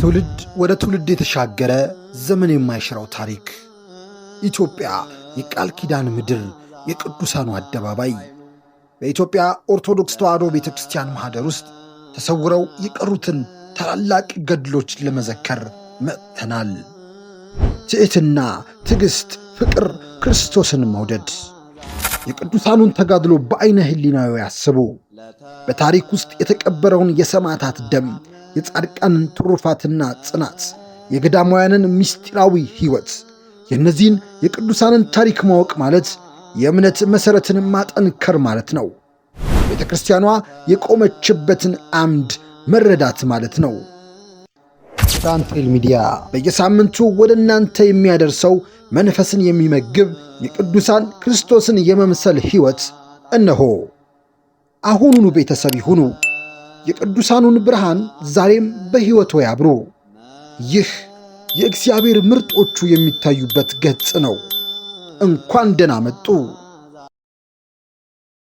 ከትውልድ ወደ ትውልድ የተሻገረ ዘመን የማይሽረው ታሪክ ኢትዮጵያ የቃል ኪዳን ምድር፣ የቅዱሳኑ አደባባይ። በኢትዮጵያ ኦርቶዶክስ ተዋሕዶ ቤተ ክርስቲያን ማኅደር ውስጥ ተሰውረው የቀሩትን ታላላቅ ገድሎች ለመዘከር መጥተናል። ትዕትና፣ ትዕግሥት፣ ፍቅር፣ ክርስቶስን መውደድ የቅዱሳኑን ተጋድሎ በዐይነ ህሊናዊ ያስቡ። በታሪክ ውስጥ የተቀበረውን የሰማዕታት ደም የጻድቃንን ትሩፋትና ጽናት፣ የገዳማውያንን ምስጢራዊ ሕይወት፣ የእነዚህን የቅዱሳንን ታሪክ ማወቅ ማለት የእምነት መሠረትን ማጠንከር ማለት ነው። ቤተ ክርስቲያኗ የቆመችበትን አምድ መረዳት ማለት ነው። ዳንቴል ሚዲያ በየሳምንቱ ወደ እናንተ የሚያደርሰው መንፈስን የሚመግብ የቅዱሳን ክርስቶስን የመምሰል ሕይወት እነሆ። አሁኑኑ ቤተሰብ ይሁኑ። የቅዱሳኑን ብርሃን ዛሬም በሕይወቶ ያብሩ። ይህ የእግዚአብሔር ምርጦቹ የሚታዩበት ገጽ ነው። እንኳን ደህና መጡ።